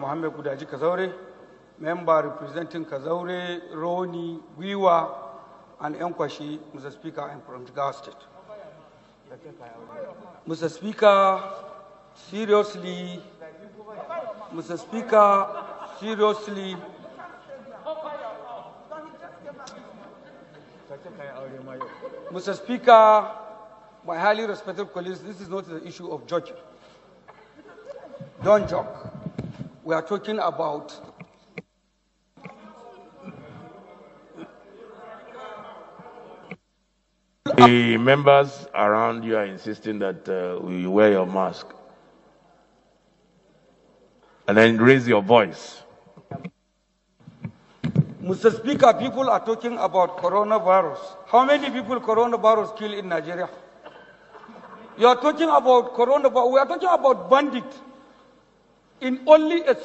Mohammed Gudaji Kazaure, member representing Kazaure, Roni, Wiwa, and Enkwashi, Mr. Speaker, I'm from Jigawa State. Mr. Speaker, seriously, Mr. Speaker, seriously, Mr. Speaker, my highly respected colleagues, this is not the issue of joking. Don't joke we are talking about the members around you are insisting that uh, we wear your mask and then raise your voice. Mr. Speaker, people are talking about coronavirus. How many people coronavirus kill in Nigeria? You are talking about coronavirus. We are talking about bandits in only a